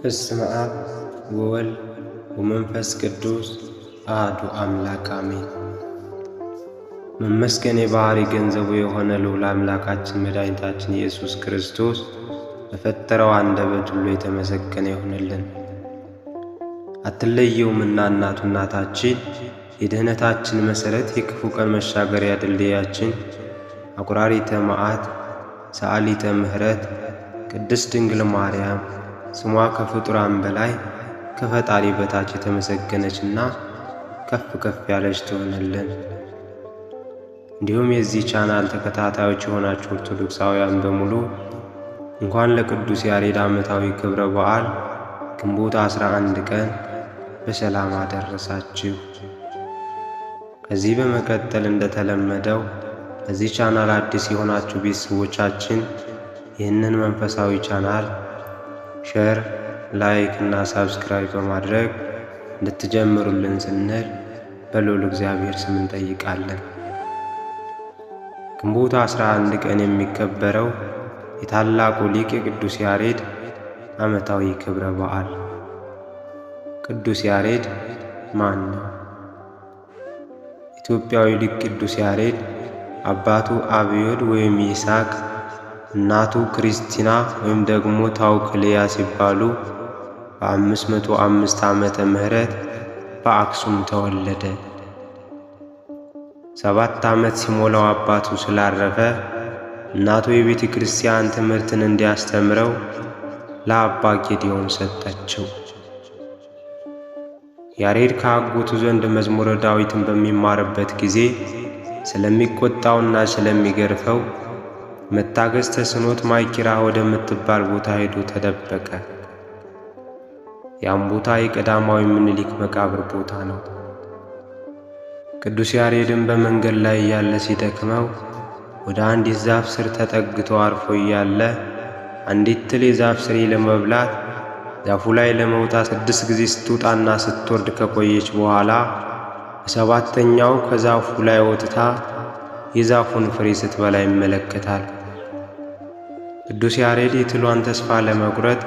በስመ አብ ወወልድ ወመንፈስ ቅዱስ አሐዱ አምላክ አሜን። መመስገን የባህሪ ገንዘቡ የሆነ ልዑል አምላካችን መድኃኒታችን ኢየሱስ ክርስቶስ በፈጠረው አንደበት ሁሉ የተመሰገነ ይሆንልን አትለየውምና እናቱ እናታችን የደህነታችን መሠረት የክፉ ቀን መሻገሪያ ድልድያችን አቁራሪተ መዓት ሰዓሊተ ምሕረት ቅድስት ድንግል ማርያም ስሟ ከፍጡራን በላይ ከፈጣሪ በታች የተመሰገነችና ከፍ ከፍ ያለች ትሆነልን። እንዲሁም የዚህ ቻናል ተከታታዮች የሆናችሁ ኦርቶዶክሳውያን በሙሉ እንኳን ለቅዱስ ያሬድ ዓመታዊ ክብረ በዓል ግንቦት 11 ቀን በሰላም አደረሳችሁ። ከዚህ በመቀጠል እንደተለመደው በዚህ ቻናል አዲስ የሆናችሁ ቤተሰቦቻችን ይህንን መንፈሳዊ ቻናል ሼር፣ ላይክ እና ሳብስክራይብ በማድረግ እንድትጀምሩልን ስንል በልዑል እግዚአብሔር ስም እንጠይቃለን። ግንቦት 11 ቀን የሚከበረው የታላቁ ሊቅ የቅዱስ ያሬድ ዓመታዊ ክብረ በዓል። ቅዱስ ያሬድ ማን ነው? ኢትዮጵያዊ ሊቅ ቅዱስ ያሬድ አባቱ አብዮድ ወይም ይስሐቅ እናቱ ክርስቲና ወይም ደግሞ ታውክልያ ሲባሉ በ505 ዓመተ ምህረት በአክሱም ተወለደ። ሰባት ዓመት ሲሞላው አባቱ ስላረፈ እናቱ የቤተ ክርስቲያን ትምህርትን እንዲያስተምረው ለአባ ጌዲዮን ሰጠችው። ያሬድ ከአጎቱ ዘንድ መዝሙረ ዳዊትን በሚማርበት ጊዜ ስለሚቆጣውና ስለሚገርፈው መታገስ ተስኖት ማይኪራ ወደምትባል ቦታ ሄዶ ተደበቀ። ያም ቦታ የቀዳማዊ ምኒልክ መቃብር ቦታ ነው። ቅዱስ ያሬድን በመንገድ ላይ እያለ ሲደክመው ወደ አንዲት ዛፍ ስር ተጠግቶ አርፎ እያለ አንዲት ትል የዛፍ ስሬ ለመብላት ዛፉ ላይ ለመውጣት ስድስት ጊዜ ስትውጣና ስትወርድ ከቆየች በኋላ በሰባተኛው ከዛፉ ላይ ወጥታ የዛፉን ፍሬ ስትበላ ይመለከታል። ቅዱስ ያሬድ የትሏን ተስፋ ለመቁረጥ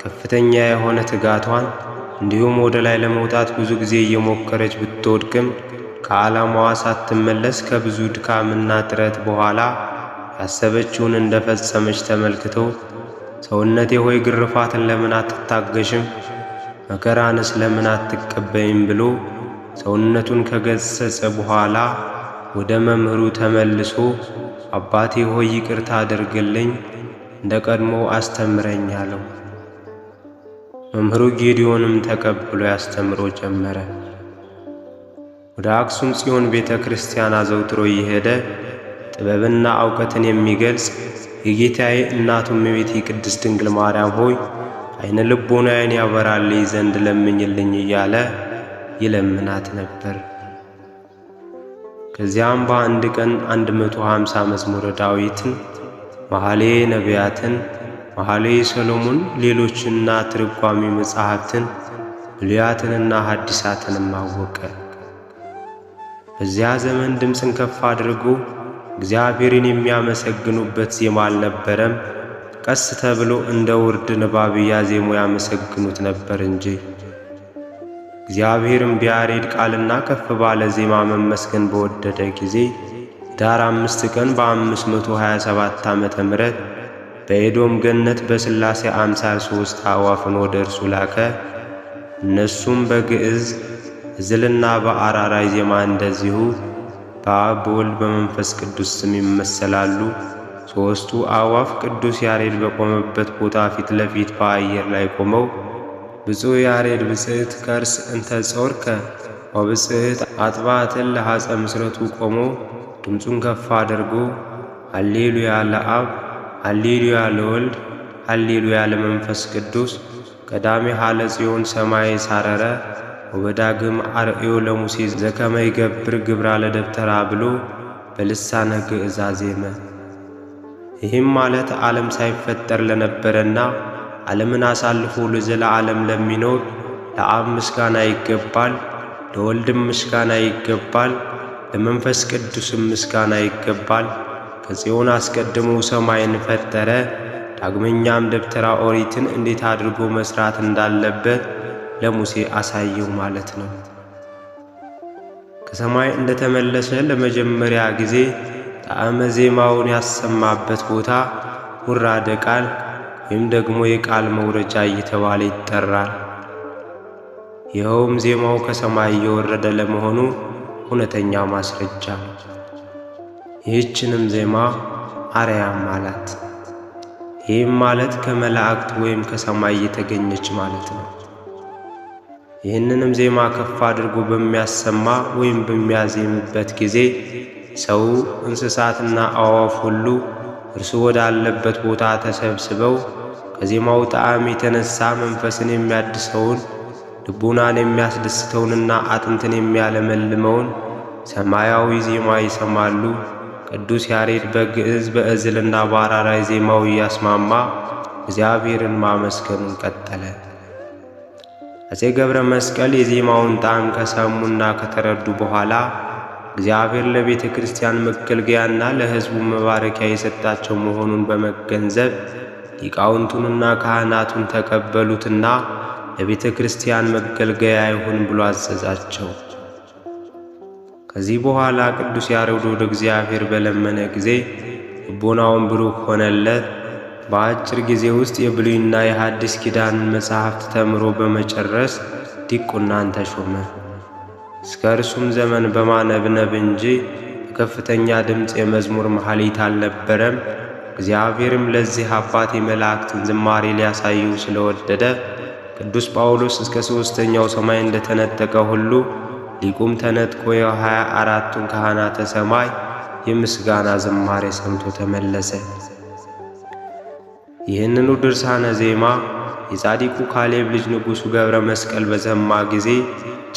ከፍተኛ የሆነ ትጋቷን እንዲሁም ወደ ላይ ለመውጣት ብዙ ጊዜ እየሞከረች ብትወድቅም ከዓላማዋ ሳትመለስ ከብዙ ድካምና ጥረት በኋላ ያሰበችውን እንደፈጸመች ተመልክቶ ሰውነቴ ሆይ ግርፋትን ለምን አትታገሽም? መከራንስ ለምን አትቀበይም? ብሎ ሰውነቱን ከገሰጸ በኋላ ወደ መምህሩ ተመልሶ አባቴ ሆይ ይቅርታ አድርግልኝ እንደ ቀድሞ አስተምረኝ አለው። መምህሩ ጌዲዮንም ተቀብሎ ያስተምሮ ጀመረ። ወደ አክሱም ጽዮን ቤተ ክርስቲያን አዘውትሮ እየሄደ ጥበብና እውቀትን የሚገልጽ የጌታዬ እናቱም የቤቴ ቅድስት ድንግል ማርያም ሆይ አይነ ልቦናዬን ያበራልኝ ዘንድ ለምኝልኝ እያለ ይለምናት ነበር። ከዚያም በአንድ ቀን 150 መዝሙረ ዳዊትን መኃሌ ነቢያትን፣ መኃሌ ሰሎሞን፣ ሌሎችንና ትርጓሚ መጻሕፍትን ብሉያትንና ሐዲሳትንም አወቀ። በዚያ ዘመን ድምፅን ከፍ አድርጎ እግዚአብሔርን የሚያመሰግኑበት ዜማ አልነበረም። ቀስ ተብሎ እንደ ውርድ ንባብ እያዜሙ ያመሰግኑት ነበር እንጂ። እግዚአብሔርም ቢያሬድ ቃልና ከፍ ባለ ዜማ መመስገን በወደደ ጊዜ ዳር አምስት ቀን በ527 ዓመተ ምህረት በኤዶም ገነት በሥላሴ አምሳል ሦስት አዕዋፍን ወደ እርሱ ላከ። እነሱም በግዕዝ እዝልና በአራራይ ዜማ እንደዚሁ በአብ በወልድ በመንፈስ ቅዱስ ስም ይመሰላሉ። ሦስቱ አዕዋፍ ቅዱስ ያሬድ በቆመበት ቦታ ፊት ለፊት በአየር ላይ ቆመው ብፁዕ ያሬድ ብጽዕት ከርስ እንተ ጾርከ አጥባትን ለሐፀ ምስረቱ ቆሞ ድምፁን ከፍ አድርጎ ሃሌሉያ ለአብ፣ ሃሌሉያ ለወልድ፣ ሃሌሉያ ለመንፈስ ቅዱስ ቀዳሜ ሀለ ጽዮን ሰማይ ሳረረ ወበዳግም አርእዮ ለሙሴ ዘከመ ይገብር ግብራ ለደብተራ ብሎ በልሳነ ግዕዝ አዜመ። ይህም ማለት ዓለም ሳይፈጠር ለነበረና ዓለምን አሳልፎ ለዘለዓለም ለሚኖር ለአብ ምስጋና ይገባል፣ ለወልድም ምስጋና ይገባል ለመንፈስ ቅዱስም ምስጋና ይገባል። ከጽዮን አስቀድሞ ሰማይን ፈጠረ። ዳግመኛም ደብተራ ኦሪትን እንዴት አድርጎ መስራት እንዳለበት ለሙሴ አሳየው ማለት ነው። ከሰማይ እንደተመለሰ ለመጀመሪያ ጊዜ ጣዕመ ዜማውን ያሰማበት ቦታ ውራደ ቃል ወይም ደግሞ የቃል መውረጃ እየተባለ ይጠራል። ይኸውም ዜማው ከሰማይ እየወረደ ለመሆኑ እውነተኛ ማስረጃ ይህችንም ዜማ አርያም አላት። ይህም ማለት ከመላእክት ወይም ከሰማይ የተገኘች ማለት ነው። ይህንንም ዜማ ከፍ አድርጎ በሚያሰማ ወይም በሚያዜምበት ጊዜ ሰው፣ እንስሳትና አዋፍ ሁሉ እርሱ ወዳለበት ቦታ ተሰብስበው ከዜማው ጣዕም የተነሳ መንፈስን የሚያድሰውን ልቡናን የሚያስደስተውንና አጥንትን የሚያለመልመውን ሰማያዊ ዜማ ይሰማሉ። ቅዱስ ያሬድ በግዕዝ በእዝልና በአራራይ ዜማው እያስማማ እግዚአብሔርን ማመስገኑን ቀጠለ። አፄ ገብረ መስቀል የዜማውን ጣዕም ከሰሙና ከተረዱ በኋላ እግዚአብሔር ለቤተ ክርስቲያን መገልገያና ለሕዝቡ መባረኪያ የሰጣቸው መሆኑን በመገንዘብ ሊቃውንቱንና ካህናቱን ተቀበሉትና ለቤተ ክርስቲያን መገልገያ ይሁን ብሎ አዘዛቸው። ከዚህ በኋላ ቅዱስ ያሬድ ወደ እግዚአብሔር በለመነ ጊዜ ልቦናውን ብሩክ ሆነለት። በአጭር ጊዜ ውስጥ የብሉይና የሐዲስ ኪዳን መጻሕፍት ተምሮ በመጨረስ ዲቁናን ተሾመ። እስከ እርሱም ዘመን በማነብነብ እንጂ በከፍተኛ ድምፅ የመዝሙር መሐሊት አልነበረም። እግዚአብሔርም ለዚህ አባት የመላእክትን ዝማሬ ሊያሳየው ስለወደደ ቅዱስ ጳውሎስ እስከ ሦስተኛው ሰማይ እንደተነጠቀ ሁሉ ሊቁም ተነጥቆ የሀያ አራቱን ካህናተ ሰማይ የምስጋና ዝማሬ ሰምቶ ተመለሰ። ይህንኑ ድርሳነ ዜማ የጻዲቁ ካሌብ ልጅ ንጉሡ ገብረ መስቀል በዘማ ጊዜ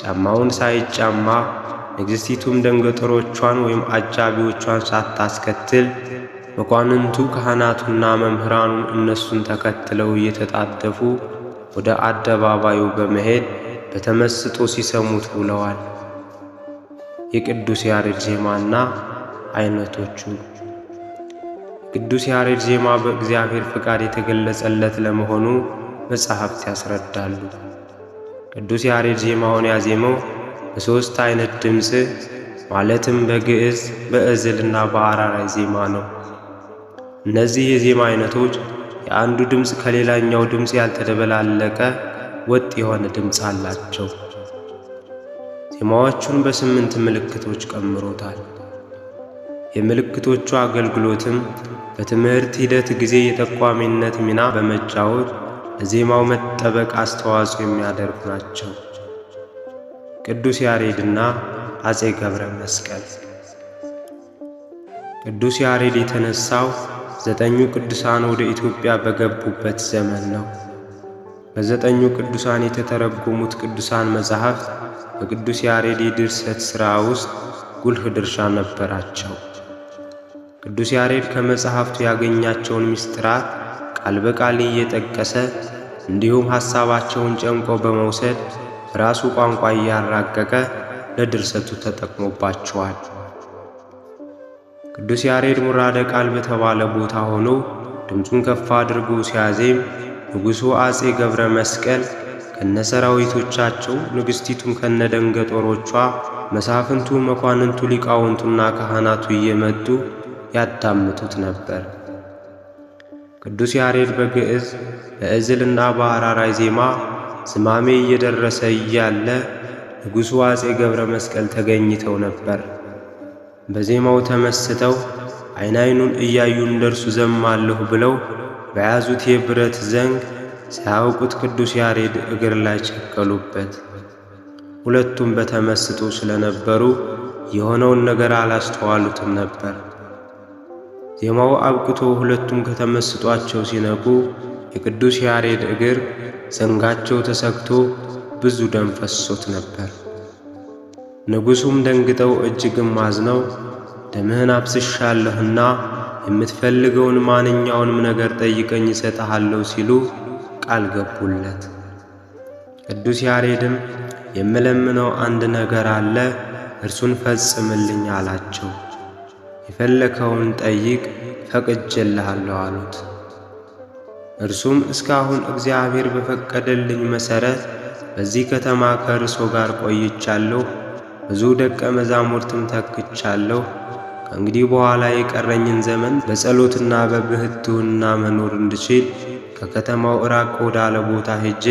ጫማውን ሳይጫማ ንግሥቲቱም ደንገጥሮቿን ወይም አጃቢዎቿን ሳታስከትል መኳንንቱ ካህናቱና መምህራኑን እነሱን ተከትለው እየተጣደፉ ወደ አደባባዩ በመሄድ በተመስጦ ሲሰሙት ውለዋል። የቅዱስ ያሬድ ዜማና አይነቶቹ ቅዱስ ያሬድ ዜማ በእግዚአብሔር ፍቃድ የተገለጸለት ለመሆኑ መጻሕፍት ያስረዳሉ። ቅዱስ ያሬድ ዜማውን ያዜመው በሦስት አይነት ድምፅ ማለትም በግዕዝ፣ በእዝልና በአራራይ ዜማ ነው። እነዚህ የዜማ አይነቶች የአንዱ ድምፅ ከሌላኛው ድምፅ ያልተደበላለቀ ወጥ የሆነ ድምፅ አላቸው። ዜማዎቹን በስምንት ምልክቶች ቀምሮታል። የምልክቶቹ አገልግሎትም በትምህርት ሂደት ጊዜ የተቋሚነት ሚና በመጫወት ለዜማው መጠበቅ አስተዋጽኦ የሚያደርጉ ናቸው። ቅዱስ ያሬድና አጼ ገብረ መስቀል ቅዱስ ያሬድ የተነሳው ዘጠኙ ቅዱሳን ወደ ኢትዮጵያ በገቡበት ዘመን ነው። በዘጠኙ ቅዱሳን የተተረጎሙት ቅዱሳን መጽሐፍት በቅዱስ ያሬድ የድርሰት ሥራ ውስጥ ጉልህ ድርሻ ነበራቸው። ቅዱስ ያሬድ ከመጽሐፍቱ ያገኛቸውን ምስጢራት ቃል በቃል እየጠቀሰ እንዲሁም ሐሳባቸውን ጨምቆ በመውሰድ ራሱ ቋንቋ እያራቀቀ ለድርሰቱ ተጠቅሞባቸዋል። ቅዱስ ያሬድ ሙራደ ቃል በተባለ ቦታ ሆኖ ድምፁን ከፍ አድርጎ ሲያዜም ንጉሡ አጼ ገብረ መስቀል ከነሰራዊቶቻቸው ንግሥቲቱም ከነደንገ ጦሮቿ መሳፍንቱ፣ መኳንንቱ፣ ሊቃውንቱና ካህናቱ እየመጡ ያዳምጡት ነበር። ቅዱስ ያሬድ በግዕዝ በእዝልና በአራራይ ዜማ ዝማሜ እየደረሰ እያለ ንጉሡ አጼ ገብረ መስቀል ተገኝተው ነበር። በዜማው ተመስተው አይናይኑን እያዩ እንደርሱ ዘማለሁ ብለው በያዙት የብረት ዘንግ ሳያውቁት ቅዱስ ያሬድ እግር ላይ ቸከሉበት። ሁለቱም በተመስጦ ስለነበሩ የሆነውን ነገር አላስተዋሉትም ነበር። ዜማው አብቅቶ ሁለቱም ከተመስጧቸው ሲነቁ የቅዱስ ያሬድ እግር ዘንጋቸው ተሰክቶ ብዙ ደም ፈሶት ነበር። ንጉሡም ደንግጠው እጅግም አዝነው ደምህን አብስሻለሁና የምትፈልገውን ማንኛውንም ነገር ጠይቀኝ እሰጥሃለሁ ሲሉ ቃል ገቡለት። ቅዱስ ያሬድም የምለምነው አንድ ነገር አለ፣ እርሱን ፈጽምልኝ አላቸው። የፈለከውን ጠይቅ ፈቅጄልሃለሁ አሉት። እርሱም እስካሁን እግዚአብሔር በፈቀደልኝ መሠረት በዚህ ከተማ ከእርሶ ጋር ቆይቻለሁ ብዙ ደቀ መዛሙርትም ተክቻለሁ። ከእንግዲህ በኋላ የቀረኝን ዘመን በጸሎትና በብህትውና መኖር እንድችል ከከተማው እራቅ ወዳለ ቦታ ሄጄ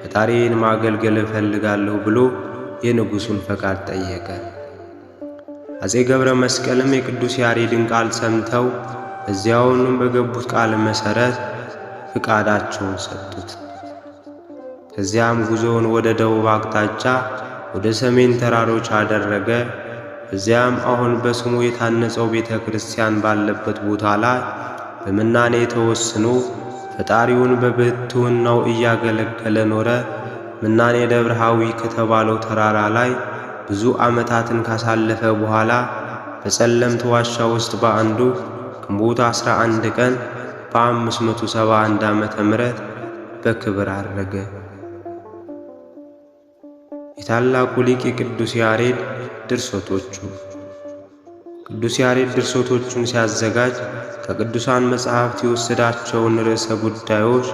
ፈጣሪን ማገልገል እፈልጋለሁ ብሎ የንጉሡን ፈቃድ ጠየቀ። አፄ ገብረ መስቀልም የቅዱስ ያሬድን ቃል ሰምተው እዚያውኑም በገቡት ቃል መሠረት ፍቃዳቸውን ሰጡት። ከዚያም ጉዞውን ወደ ደቡብ አቅጣጫ ወደ ሰሜን ተራሮች አደረገ። እዚያም አሁን በስሙ የታነጸው ቤተ ክርስቲያን ባለበት ቦታ ላይ በምናኔ ተወስኖ ፈጣሪውን በብሕትውናው እያገለገለ ኖረ። ምናኔ ደብረሃዊ ከተባለው ተራራ ላይ ብዙ ዓመታትን ካሳለፈ በኋላ በጸለምት ዋሻ ውስጥ በአንዱ ግንቦት 11 ቀን በ571 ዓ.ም በክብር አረገ። የታላቁ ሊቅ የቅዱስ ያሬድ ድርሰቶቹ ቅዱስ ያሬድ ድርሰቶቹን ሲያዘጋጅ ከቅዱሳን መጻሕፍት የወሰዳቸውን ርዕሰ ጉዳዮች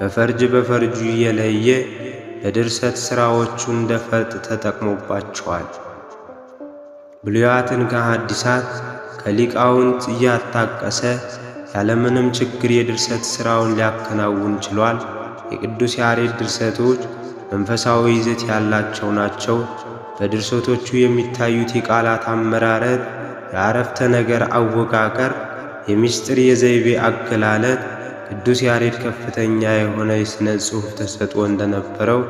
በፈርጅ በፈርጁ እየለየ ለድርሰት ሥራዎቹ እንደ ፈርጥ ተጠቅሞባቸዋል። ብሉያትን ከሐዲሳት ከሊቃውንት እያታቀሰ ያለምንም ችግር የድርሰት ሥራውን ሊያከናውን ችሏል። የቅዱስ ያሬድ ድርሰቶች መንፈሳዊ ይዘት ያላቸው ናቸው። በድርሰቶቹ የሚታዩት የቃላት አመራረጥ፣ የአረፍተ ነገር አወቃቀር፣ የምስጢር የዘይቤ አገላለጥ ቅዱስ ያሬድ ከፍተኛ የሆነ የሥነ ጽሑፍ ተሰጥኦ እንደነበረው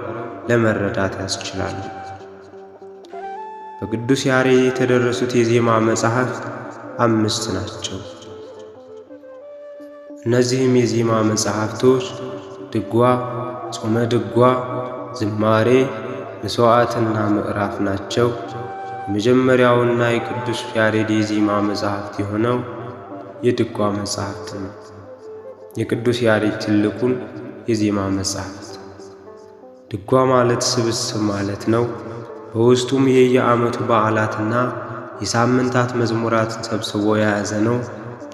ለመረዳት ያስችላል። በቅዱስ ያሬድ የተደረሱት የዜማ መጻሕፍት አምስት ናቸው። እነዚህም የዜማ መጻሕፍቶች ድጓ፣ ጾመ ድጓ ዝማሬ፣ ምስዋዕትና ምዕራፍ ናቸው። የመጀመሪያውና የቅዱስ ያሬድ የዜማ መጽሐፍት የሆነው የድጓ መጻሕፍት ነው። የቅዱስ ያሬድ ትልቁን የዜማ መጻሕፍት ድጓ ማለት ስብስብ ማለት ነው። በውስጡም የየዓመቱ በዓላትና የሳምንታት መዝሙራትን ሰብስቦ የያዘ ነው።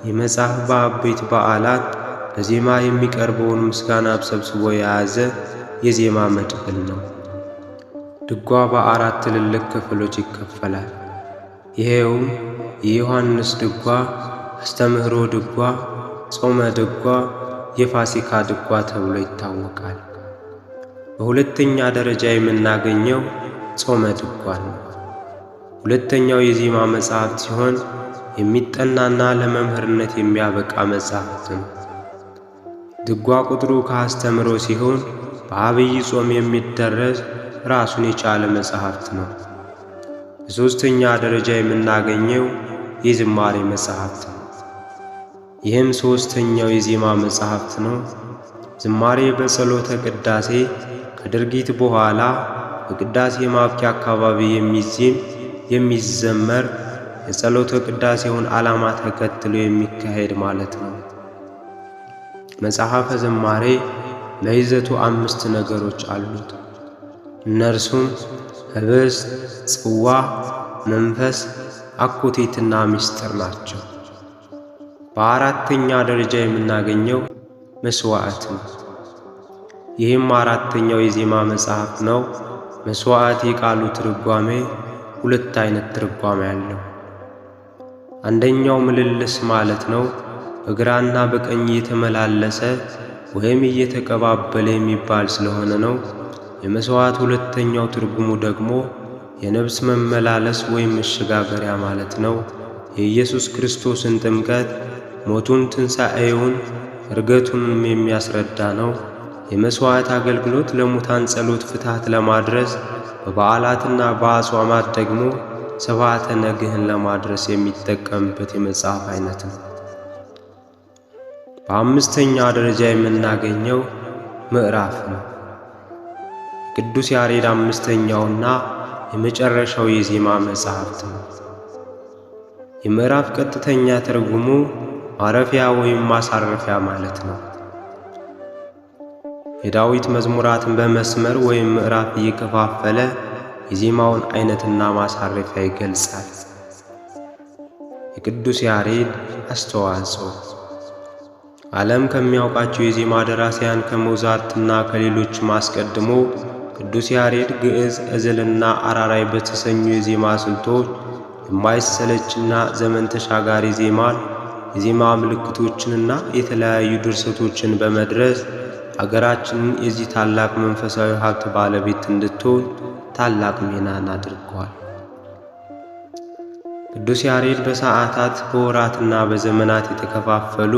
የመጽሐፍ በአበይት በዓላት በዜማ የሚቀርበውን ምስጋና ሰብስቦ የያዘ የዜማ መድብል ነው። ድጓ በአራት ትልልቅ ክፍሎች ይከፈላል። ይሄውም የዮሐንስ ድጓ፣ አስተምህሮ ድጓ፣ ጾመ ድጓ፣ የፋሲካ ድጓ ተብሎ ይታወቃል። በሁለተኛ ደረጃ የምናገኘው ጾመ ድጓ ነው። ሁለተኛው የዜማ መጽሐፍት ሲሆን የሚጠናና ለመምህርነት የሚያበቃ መጽሐፍት ነው። ድጓ ቁጥሩ ከአስተምህሮ ሲሆን በአብይ ጾም የሚደረስ ራሱን የቻለ መጽሐፍት ነው። በሦስተኛ ደረጃ የምናገኘው የዝማሬ መጽሐፍት ነው። ይህም ሦስተኛው የዜማ መጽሐፍት ነው። ዝማሬ በጸሎተ ቅዳሴ ከድርጊት በኋላ በቅዳሴ ማብቂያ አካባቢ የሚዜም የሚዘመር የጸሎተ ቅዳሴውን ዓላማ ተከትሎ የሚካሄድ ማለት ነው። መጽሐፈ ዝማሬ ለይዘቱ አምስት ነገሮች አሉት። እነርሱም ህብስ፣ ጽዋ፣ መንፈስ፣ አኮቴትና ምስጢር ናቸው። በአራተኛ ደረጃ የምናገኘው መስዋዕት ነው። ይህም አራተኛው የዜማ መጽሐፍ ነው። መስዋዕት የቃሉ ትርጓሜ ሁለት አይነት ትርጓሜ ያለው፣ አንደኛው ምልልስ ማለት ነው። በግራና በቀኝ የተመላለሰ ወይም እየተቀባበለ የሚባል ስለሆነ ነው። የመስዋዕት ሁለተኛው ትርጉሙ ደግሞ የነብስ መመላለስ ወይም መሸጋገሪያ ማለት ነው። የኢየሱስ ክርስቶስን ጥምቀት፣ ሞቱን፣ ትንሣኤውን፣ እርገቱንም የሚያስረዳ ነው። የመስዋዕት አገልግሎት ለሙታን ጸሎት ፍትሐት ለማድረስ በበዓላትና በአጽዋማት ደግሞ ስብሐተ ነግህን ለማድረስ የሚጠቀምበት የመጽሐፍ አይነት ነው። በአምስተኛ ደረጃ የምናገኘው ምዕራፍ ነው። ቅዱስ ያሬድ አምስተኛውና የመጨረሻው የዜማ መጽሐፍት ነው። የምዕራፍ ቀጥተኛ ትርጉሙ ማረፊያ ወይም ማሳረፊያ ማለት ነው። የዳዊት መዝሙራትን በመስመር ወይም ምዕራፍ እየከፋፈለ የዜማውን አይነትና ማሳረፊያ ይገልጻል። የቅዱስ ያሬድ አስተዋጽኦ ዓለም ከሚያውቃቸው የዜማ ደራሲያን ከሞዛርትና ከሌሎችም አስቀድሞ ቅዱስ ያሬድ ግዕዝ፣ እዝልና አራራይ በተሰኙ የዜማ ስልቶች የማይሰለችና ዘመን ተሻጋሪ ዜማን የዜማ ምልክቶችንና የተለያዩ ድርሰቶችን በመድረስ አገራችንን የዚህ ታላቅ መንፈሳዊ ሀብት ባለቤት እንድትሆን ታላቅ ሚናን አድርገዋል። ቅዱስ ያሬድ በሰዓታት በወራትና በዘመናት የተከፋፈሉ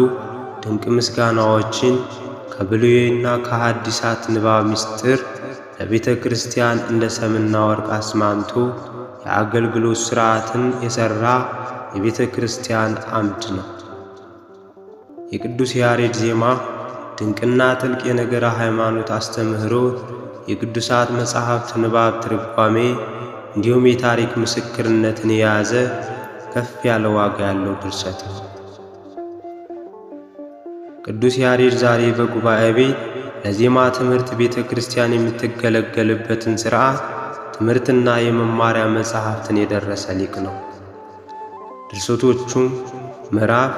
ድንቅ ምስጋናዎችን ከብሉይና ከሐዲሳት ንባብ ምስጢር ለቤተ ክርስቲያን እንደ ሰምና ወርቅ አስማምቶ የአገልግሎት ሥርዓትን የሠራ የቤተ ክርስቲያን አምድ ነው። የቅዱስ ያሬድ ዜማ ድንቅና ጥልቅ የነገረ ሃይማኖት አስተምህሮ፣ የቅዱሳት መጻሕፍት ንባብ ትርጓሜ እንዲሁም የታሪክ ምስክርነትን የያዘ ከፍ ያለ ዋጋ ያለው ድርሰት ነው። ቅዱስ ያሬድ ዛሬ በጉባኤ ቤት ለዜማ ትምህርት ቤተ ክርስቲያን የምትገለገልበትን ሥርዓት ትምህርትና የመማሪያ መጽሐፍትን የደረሰ ሊቅ ነው። ድርሰቶቹም ምዕራፍ፣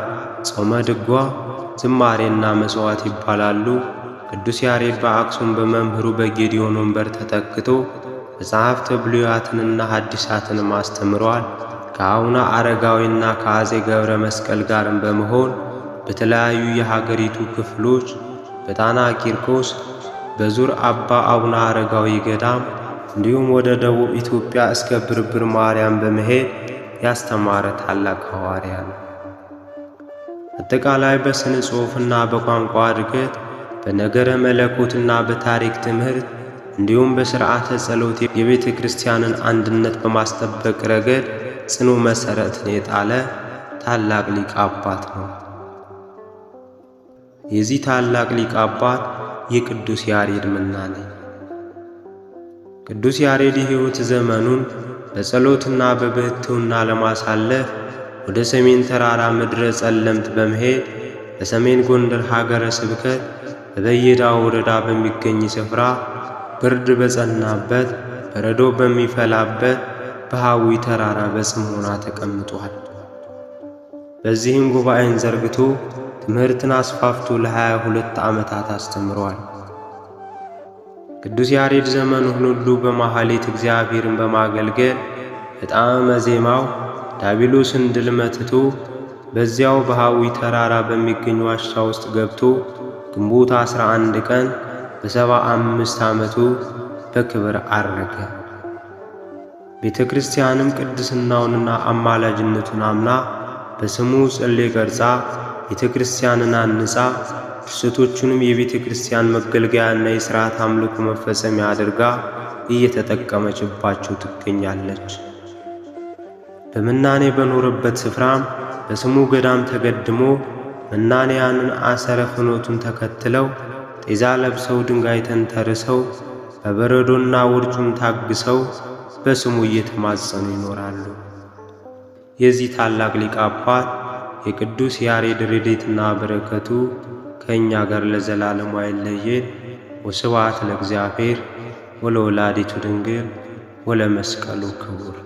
ጾመ ድጓ፣ ዝማሬና መሥዋዕት ይባላሉ። ቅዱስ ያሬድ በአክሱም በመምህሩ በጌዲዮን ወንበር ተተክቶ መጽሐፍተ ብሉያትንና ሐዲሳትንም አስተምሯል። ከአቡነ አረጋዊና ከአዜ ገብረ መስቀል ጋርም በመሆን በተለያዩ የሀገሪቱ ክፍሎች በጣና ቂርቆስ፣ በዙር አባ አቡነ አረጋዊ ገዳም እንዲሁም ወደ ደቡብ ኢትዮጵያ እስከ ብርብር ማርያም በመሄድ ያስተማረ ታላቅ ሐዋርያ ነው። አጠቃላይ በሥነ ጽሑፍና በቋንቋ እድገት በነገረ መለኮትና በታሪክ ትምህርት እንዲሁም በሥርዓተ ጸሎት የቤተ ክርስቲያንን አንድነት በማስጠበቅ ረገድ ጽኑ መሠረትን የጣለ ታላቅ ሊቅ አባት ነው። የዚህ ታላቅ ሊቅ አባት የቅዱስ ያሬድ ምና ነኝ። ቅዱስ ያሬድ የሕይወት ዘመኑን በጸሎትና በብሕትውና ለማሳለፍ ወደ ሰሜን ተራራ ምድረ ጸለምት በመሄድ በሰሜን ጎንደር ሀገረ ስብከት በበየዳ ወረዳ በሚገኝ ስፍራ ብርድ በጸናበት በረዶ በሚፈላበት በሐዊ ተራራ በጽሞና ተቀምጧል። በዚህም ጉባኤን ዘርግቶ ትምህርትን አስፋፍቶ ለሃያ ሁለት ዓመታት አስተምሯል። ቅዱስ ያሬድ ዘመን ሁሉ በማኅሌት እግዚአብሔርን በማገልገል በጣዕመ ዜማው ዳቢሎስን ድል መትቶ በዚያው በሐዊ ተራራ በሚገኝ ዋሻ ውስጥ ገብቶ ግንቦት 11 ቀን በሰባ አምስት ዓመቱ በክብር አረገ። ቤተ ክርስቲያንም ቅድስናውንና አማላጅነቱን አምና በስሙ ጽሌ ገርጻ ቤተ ክርስቲያንን አንጻ ፍልሰቶቹንም የቤተ ክርስቲያን መገልገያና የሥርዓት አምልኮ መፈጸሚያ አድርጋ እየተጠቀመችባቸው ትገኛለች። በምናኔ በኖረበት ስፍራም በስሙ ገዳም ተገድሞ መናንያንን አሰረ ፍኖቱን ተከትለው ጤዛ ለብሰው ድንጋይ ተንተርሰው በበረዶና ውርጩም ታግሰው በስሙ እየተማጸኑ ይኖራሉ። የዚህ ታላቅ ሊቅ አባት የቅዱስ ያሬድ ረድኤትና በረከቱ ከእኛ ጋር ለዘላለሙ አይለየን። ወስብሐት ለእግዚአብሔር ወለወላዲቱ ድንግል ወለመስቀሉ ክቡር